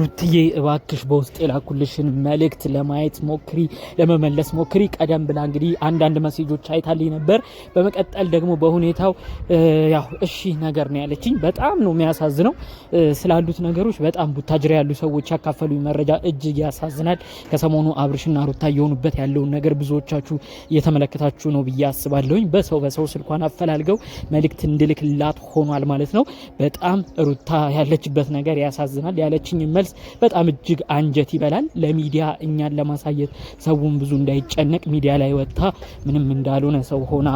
ሩትዬ እባክሽ በውስጥ የላኩልሽን መልእክት ለማየት ሞክሪ፣ ለመመለስ ሞክሪ። ቀደም ብላ እንግዲህ አንዳንድ መሴጆች አይታልኝ ነበር። በመቀጠል ደግሞ በሁኔታው ያው እሺ ነገር ነው ያለችኝ። በጣም ነው የሚያሳዝነው ስላሉት ነገሮች በጣም ቡታጅራ ያሉ ሰዎች ያካፈሉኝ መረጃ እጅግ ያሳዝናል። ከሰሞኑ አብርሽና ሩታ እየሆኑበት ያለውን ነገር ብዙዎቻችሁ እየተመለከታችሁ ነው ብዬ አስባለሁኝ። በሰው በሰው ስልኳን አፈላልገው መልእክት እንድልክላት ሆኗል ማለት ነው። በጣም ሩታ ያለችበት ነገር ያሳዝናል። ያለችኝ መልስ በጣም እጅግ አንጀት ይበላል። ለሚዲያ እኛን ለማሳየት ሰውን ብዙ እንዳይጨነቅ ሚዲያ ላይ ወጥታ ምንም እንዳልሆነ ሰው ሆና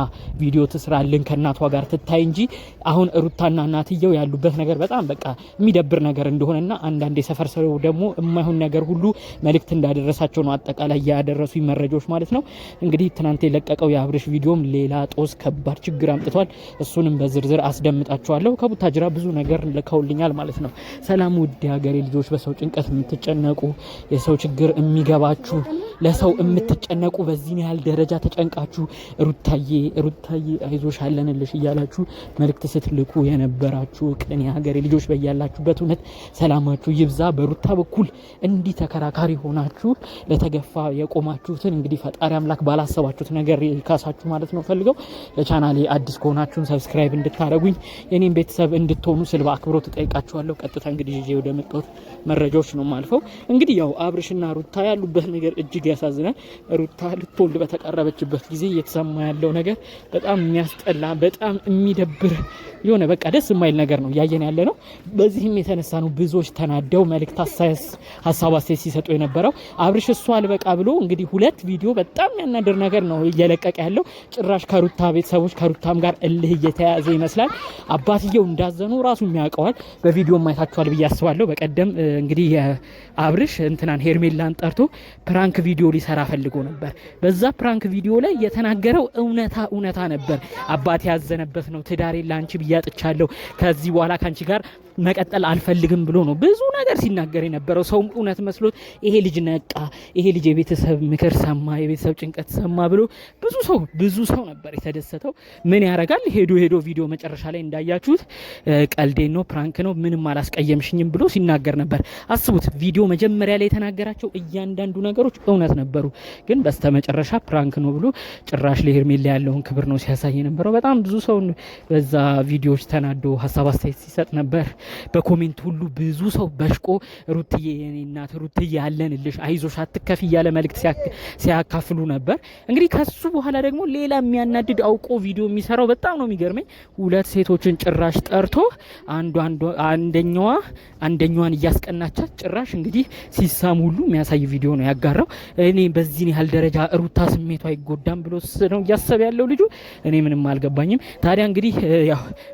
ቪዲዮ ትስራልን ከእናቷ ጋር ትታይ እንጂ አሁን ሩታና እናትየው ያሉበት ነገር በጣም በቃ የሚደብር ነገር እንደሆነና አንዳንድ የሰፈር ሰው ደግሞ የማይሆን ነገር ሁሉ መልእክት እንዳደረሳቸው ነው አጠቃላይ ያደረሱ መረጃዎች ማለት ነው። እንግዲህ ትናንት የለቀቀው የአብርሽ ቪዲዮም ሌላ ጦስ ከባድ ችግር አምጥቷል። እሱንም በዝርዝር አስደምጣችኋለሁ። ከቡታጅራ ብዙ ነገር ልከውልኛል ማለት ነው። ሰላም ውድ ሀገሬ ልጆች በሰው ጭንቀት የምትጨነቁ የሰው ችግር የሚገባችሁ ለሰው የምትጨነቁ በዚህን ያህል ደረጃ ተጨንቃችሁ ሩታዬ ሩታዬ አይዞሽ አለንልሽ እያላችሁ መልእክት ስትልኩ የነበራችሁ ቅን የሀገሬ ልጆች በያላችሁበት እውነት ሰላማችሁ ይብዛ። በሩታ በኩል እንዲህ ተከራካሪ ሆናችሁ ለተገፋ የቆማችሁትን እንግዲህ ፈጣሪ አምላክ ባላሰባችሁት ነገር ካሳችሁ ማለት ነው። ፈልገው ለቻናሌ አዲስ ከሆናችሁን ሰብስክራይብ እንድታደረጉኝ የኔም ቤተሰብ እንድትሆኑ ስል በአክብሮት እጠይቃችኋለሁ። ቀጥታ እንግዲህ ወደ መጣሁት መረጃዎች ነው ማልፈው። እንግዲህ ያው አብርሽና ሩታ ያሉበት ነገር እጅግ ያሳዝናል። ሩታ ልትወልድ በተቃረበችበት ጊዜ እየተሰማ ያለው ነገር በጣም የሚያስጠላ፣ በጣም የሚደብር የሆነ በቃ ደስ የማይል ነገር ነው እያየን ያለ ነው። በዚህም የተነሳ ነው ብዙዎች ተናደው መልእክት፣ ሀሳብ አስተያየት ሲሰጡ የነበረው። አብርሽ እሱ አልበቃ ብሎ እንግዲህ ሁለት ቪዲዮ በጣም የሚያናድር ነገር ነው እየለቀቀ ያለው። ጭራሽ ከሩታ ቤተሰቦች ከሩታም ጋር እልህ እየተያዘ ይመስላል። አባትየው እንዳዘኑ ራሱ የሚያውቀዋል። በቪዲዮ ማየታችኋል ብዬ አስባለሁ። በቀደም እንግዲህ አብርሽ እንትናን ሄርሜላን ጠርቶ ፕራንክ ቪዲዮ ቪዲዮ ሊሰራ ፈልጎ ነበር። በዛ ፕራንክ ቪዲዮ ላይ የተናገረው እውነታ እውነታ ነበር። አባቴ ያዘነበት ነው። ትዳሬ ላንቺ ብያጥቻለሁ። ከዚህ በኋላ ከአንቺ ጋር መቀጠል አልፈልግም ብሎ ነው ብዙ ነገር ሲናገር የነበረው። ሰው እውነት መስሎት ይሄ ልጅ ነቃ፣ ይሄ ልጅ የቤተሰብ ምክር ሰማ፣ የቤተሰብ ጭንቀት ሰማ ብሎ ብዙ ሰው ብዙ ሰው ነበር የተደሰተው። ምን ያረጋል ሄዶ ሄዶ ቪዲዮ መጨረሻ ላይ እንዳያችሁት ቀልዴ ነው ፕራንክ ነው ምንም አላስቀየምሽኝም ብሎ ሲናገር ነበር። አስቡት ቪዲዮ መጀመሪያ ላይ የተናገራቸው እያንዳንዱ ነገሮች እውነት ነበሩ፣ ግን በስተመጨረሻ ፕራንክ ነው ብሎ ጭራሽ ለሄርሜላ ያለውን ክብር ነው ሲያሳይ ነበረው። በጣም ብዙ ሰው በዛ ቪዲዮዎች ተናዶ ሀሳብ አስተያየት ሲሰጥ ነበር። በኮሜንት ሁሉ ብዙ ሰው በሽቆ ሩትዬ የኔ እናት ሩትዬ አለንልሽ አይዞሽ አትከፊ እያለ መልእክት ሲያካፍሉ ነበር። እንግዲህ ከሱ በኋላ ደግሞ ሌላ የሚያናድድ አውቆ ቪዲዮ የሚሰራው በጣም ነው የሚገርመኝ። ሁለት ሴቶችን ጭራሽ ጠርቶ አንደኛዋ አንደኛዋን እያስቀናቻት ጭራሽ እንግዲህ ሲሳም ሁሉ የሚያሳይ ቪዲዮ ነው ያጋራው። እኔ በዚህን ያህል ደረጃ ሩታ ስሜቷ አይጎዳም ብሎ ነው እያሰብ ያለው ልጁ። እኔ ምንም አልገባኝም። ታዲያ እንግዲህ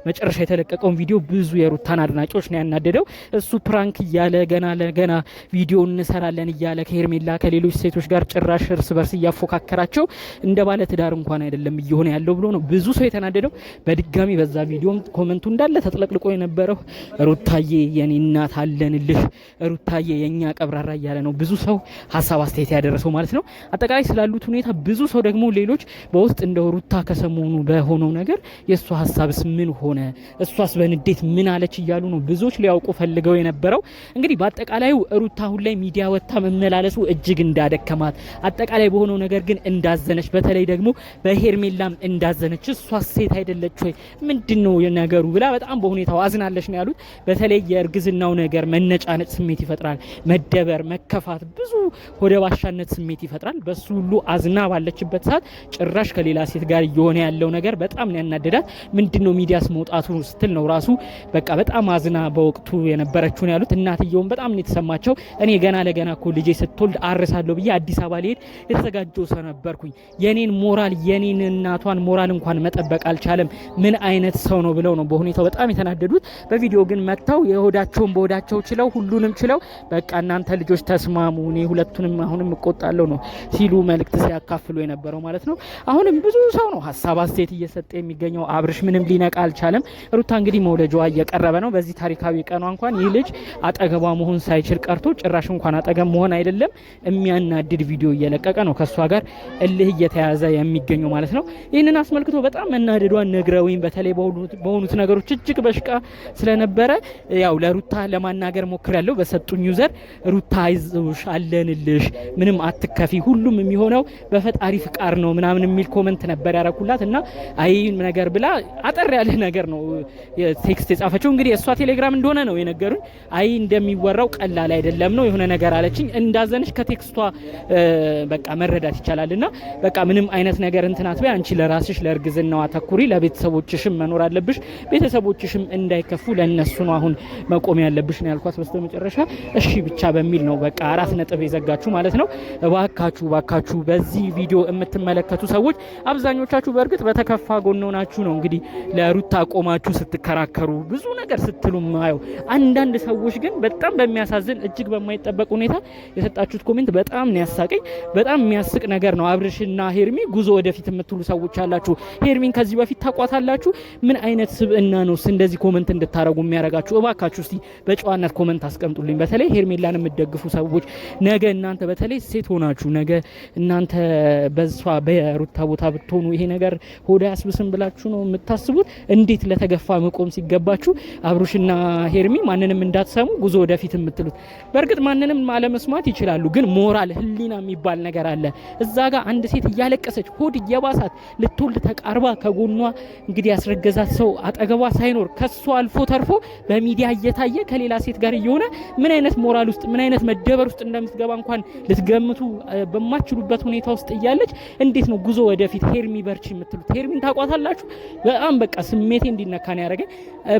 መጨረሻ የተለቀቀውን ቪዲዮ ብዙ የሩታን አድና አድናቂዎች ነው ያናደደው። እሱ ፕራንክ እያለ ገና ለገና ቪዲዮ እንሰራለን እያለ ከሄርሜላ ከሌሎች ሴቶች ጋር ጭራሽ እርስ በርስ እያፎካከራቸው እንደ ባለ ትዳር እንኳን አይደለም እየሆነ ያለው ብሎ ነው ብዙ ሰው የተናደደው። በድጋሚ በዛ ቪዲዮም ኮመንቱ እንዳለ ተጥለቅልቆ የነበረው ሩታዬ የኔ እናት አለንልህ፣ ሩታዬ የእኛ ቀብራራ እያለ ነው ብዙ ሰው ሀሳብ አስተያየት ያደረሰው ማለት ነው። አጠቃላይ ስላሉት ሁኔታ ብዙ ሰው ደግሞ ሌሎች በውስጥ እንደ ሩታ ከሰሞኑ በሆነው ነገር የእሷ ሀሳብስ ምን ሆነ፣ እሷስ በንዴት ምን አለች እያሉ ነው ብዙዎች ሊያውቁ ፈልገው የነበረው። እንግዲህ በአጠቃላዩ ሩታ አሁን ላይ ሚዲያ ወጥታ መመላለሱ እጅግ እንዳደከማት አጠቃላይ በሆነው ነገር ግን እንዳዘነች፣ በተለይ ደግሞ በሄርሜላም እንዳዘነች እሷ ሴት አይደለች ወይ ምንድን ነው ነገሩ ብላ በጣም በሁኔታው አዝናለች ነው ያሉት። በተለይ የእርግዝናው ነገር መነጫነጭ ስሜት ይፈጥራል፣ መደበር፣ መከፋት፣ ብዙ ወደ ባሻነት ስሜት ይፈጥራል። በሱ ሁሉ አዝና ባለችበት ሰዓት ጭራሽ ከሌላ ሴት ጋር እየሆነ ያለው ነገር በጣም ያናደዳት። ምንድን ነው ሚዲያስ መውጣቱ ስትል ነው ራሱ በቃ በጣም አዝና በወቅቱ የነበረችውን ያሉት እናትየውን በጣም የተሰማቸው። እኔ ገና ለገና እኮ ልጄ ስትወልድ አርሳለሁ ብዬ አዲስ አበባ ሊሄድ የተዘጋጀው ሰው ነበርኩኝ። የኔን ሞራል የኔን እናቷን ሞራል እንኳን መጠበቅ አልቻለም። ምን አይነት ሰው ነው ብለው ነው በሁኔታው በጣም የተናደዱት። በቪዲዮ ግን መጥተው የሆዳቸውን በሆዳቸው ችለው ሁሉንም ችለው በቃ እናንተ ልጆች ተስማሙ፣ እኔ ሁለቱንም አሁንም እቆጣለሁ ነው ሲሉ መልእክት ሲያካፍሉ የነበረው ማለት ነው። አሁንም ብዙ ሰው ነው ሀሳብ አስተያየት እየሰጠ የሚገኘው። አብርሽ ምንም ሊነቃ አልቻለም። ሩታ እንግዲህ መውለጃዋ እየቀረበ ነው። በዚህ ታሪካዊ ቀኗ እንኳን ይህ ልጅ አጠገቧ መሆን ሳይችል ቀርቶ ጭራሽ እንኳን አጠገብ መሆን አይደለም የሚያናድድ ቪዲዮ እየለቀቀ ነው ከእሷ ጋር እልህ እየተያዘ የሚገኘው ማለት ነው። ይህንን አስመልክቶ በጣም መናደዷን ወይም በተለይ በሆኑት ነገሮች እጅግ በሽቃ ስለነበረ ያው ለሩታ ለማናገር ያለው በሰጡኝ ዩዘር ሩታ አይዞሽ፣ አለንልሽ፣ ምንም አትከፊ፣ ሁሉም የሚሆነው በፈጣሪ ፍቃድ ነው ምናምን የሚል ኮመንት ነበር ያረኩላት እና አይ ነገር ብላ አጠር ያለ ነገር ነው ቴክስት የጻፈችው እንግዲህ እሷ ቴሌግራም እንደሆነ ነው የነገሩኝ። አይ እንደሚወራው ቀላል አይደለም ነው የሆነ ነገር አለችኝ። እንዳዘነች ከቴክስቷ በቃ መረዳት ይቻላል። እና በቃ ምንም አይነት ነገር እንትናት በይ አንቺ ለራስሽ ለእርግዝናዋ ተኩሪ፣ ለቤተሰቦችሽም መኖር አለብሽ። ቤተሰቦችሽም እንዳይከፉ ለእነሱ ነው አሁን መቆም ያለብሽ ነው ያልኳት። መጨረሻ እሺ ብቻ በሚል ነው በቃ አራት ነጥብ የዘጋችሁ ማለት ነው። እባካችሁ እባካችሁ በዚህ ቪዲዮ የምትመለከቱ ሰዎች አብዛኞቻችሁ በእርግጥ በተከፋ ጎኖናችሁ ነው እንግዲህ ለሩታ ቆማችሁ ስትከራከሩ ብዙ ነገር ስትሉ ማየው። አንዳንድ ሰዎች ግን በጣም በሚያሳዝን እጅግ በማይጠበቅ ሁኔታ የሰጣችሁት ኮሜንት በጣም ነው ያሳቀኝ። በጣም የሚያስቅ ነገር ነው። አብርሽና ሄርሚ ጉዞ ወደፊት የምትሉ ሰዎች አላችሁ። ሄርሚን ከዚህ በፊት ታቋታላችሁ። ምን አይነት ስብእና ነው እንደዚህ ኮመንት እንድታረጉ የሚያረጋችሁ? እባካችሁ እስቲ በጨዋነት ኮመንት አስቀምጡልኝ። በተለይ ሄርሜላን የምትደግፉ ሰዎች ነገ እናንተ በተለይ ሴት ሆናችሁ ነገ እናንተ በሷ በሩታ ቦታ ብትሆኑ ይሄ ነገር ሆዳ ያስብስም ብላችሁ ነው የምታስቡት? እንዴት ለተገፋ መቆም ሲገባችሁ አብሮሽ አብርሽና ሄርሚ ማንንም እንዳትሰሙ ጉዞ ወደፊት የምትሉት በእርግጥ ማንንም አለመስማት ይችላሉ፣ ግን ሞራል ህሊና የሚባል ነገር አለ። እዛ ጋር አንድ ሴት እያለቀሰች ሆድ እየባሳት ልትወልድ ተቃርባ ከጎኗ እንግዲህ ያስረገዛት ሰው አጠገቧ ሳይኖር ከሷ አልፎ ተርፎ በሚዲያ እየታየ ከሌላ ሴት ጋር እየሆነ ምን አይነት ሞራል ውስጥ ምን አይነት መደበር ውስጥ እንደምትገባ እንኳን ልትገምቱ በማችሉበት ሁኔታ ውስጥ እያለች እንዴት ነው ጉዞ ወደፊት ሄርሚ በርች የምትሉት? ሄርሚን ታቋታላችሁ። በጣም በቃ ስሜቴ ነው ያደረገ።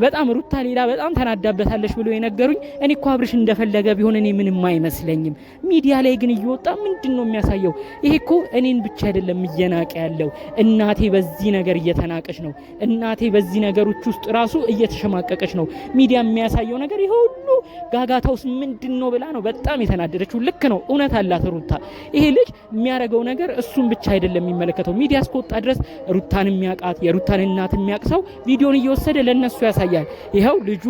በጣም ሩታ ሌላ በጣም ተናዳበታለች ብሎ የነገሩኝ እኔ እኮ አብርሽ እንደፈለገ ቢሆን እኔ ምንም አይመስለኝም። ሚዲያ ላይ ግን እየወጣ ምንድን ነው የሚያሳየው? ይሄ እኮ እኔን ብቻ አይደለም እየናቀ ያለው እናቴ በዚህ ነገር እየተናቀች ነው። እናቴ በዚህ ነገሮች ውስጥ ራሱ እየተሸማቀቀች ነው። ሚዲያ የሚያሳየው ነገር ይሄ ሁሉ ጋጋታውስ ምንድን ነው ብላ ነው በጣም የተናደደችው። ልክ ነው፣ እውነት አላት ሩታ። ይሄ ልጅ የሚያደርገው ነገር እሱን ብቻ አይደለም የሚመለከተው። ሚዲያ እስከወጣ ድረስ ሩታን የሚያውቃት የሩታን እናት የሚያውቅ ሰው ቪዲዮን እየወሰደ ለእነሱ ያሳያል። ይኸው ልጁ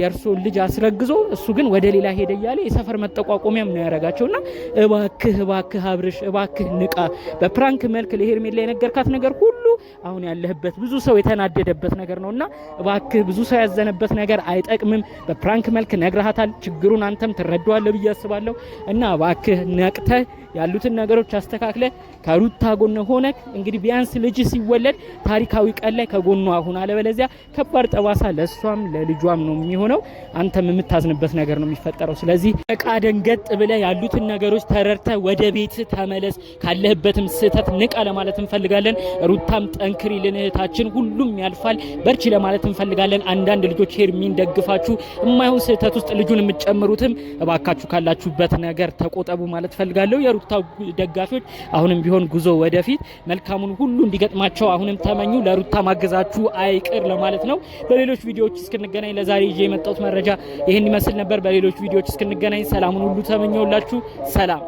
የእርሱን ልጅ አስረግዞ እሱ ግን ወደ ሌላ ሄደ እያለ የሰፈር መጠቋቋሚያ ነው ያረጋቸውና እባክህ እባክህ አብርሽ እባክህ ንቃ፣ በፕራንክ መልክ ለሄርሜላ የነገርካት ነገር ሁሉ አሁን ያለህበት ብዙ ሰው የተናደደበት ነገር ነውና እባክህ ብዙ ሰው ያዘነበት ነገር አይጠቅምም። በፕራንክ መልክ ነግረሃታል። ችግሩን አንተም ትረዳዋለህ ብዬ አስባለሁ እና እባክህ ነቅተህ ያሉትን ነገሮች አስተካክለ ከሩታ ጎን ሆነ እንግዲህ ቢያንስ ልጅ ሲወለድ ታሪካዊ ቀን ላይ ከጎኗ አሁን አለበለዚያ ከባድ ጠባሳ ለሷም ለልጇም ነው የሚሆነው። አንተም የምታዝንበት ነገር ነው የሚፈጠረው። ስለዚህ እቃ ደንገጥ ብለ ያሉትን ነገሮች ተረድተ ወደ ቤት ተመለስ። ካለህበትም ስህተት ንቃ ለማለት እንፈልጋለን። ሩታም ጠንክሪ ልንእህታችን፣ ሁሉም ያልፋል በርቺ ለማለት እንፈልጋለን። አንዳንድ ልጆች ሄርሚን ደግፋችሁ የማይሆን ስህተት ውስጥ ልጁን የምትጨምሩትም እባካችሁ ካላችሁበት ነገር ተቆጠቡ ማለት ፈልጋለሁ። የሩታ ደጋፊዎች አሁንም ቢሆን ጉዞ ወደፊት መልካሙን ሁሉ እንዲገጥማቸው አሁንም ተመኙ። ለሩታ ማገዛችሁ አይቅር ለማለት ነው። በሌሎች ቪዲዮዎች እስክንገናኝ ለዛሬ ይዤ የመጣሁት መረጃ ይህን ይመስል ነበር። በሌሎች ቪዲዮዎች እስክንገናኝ ሰላሙን ሁሉ ተመኘውላችሁ። ሰላም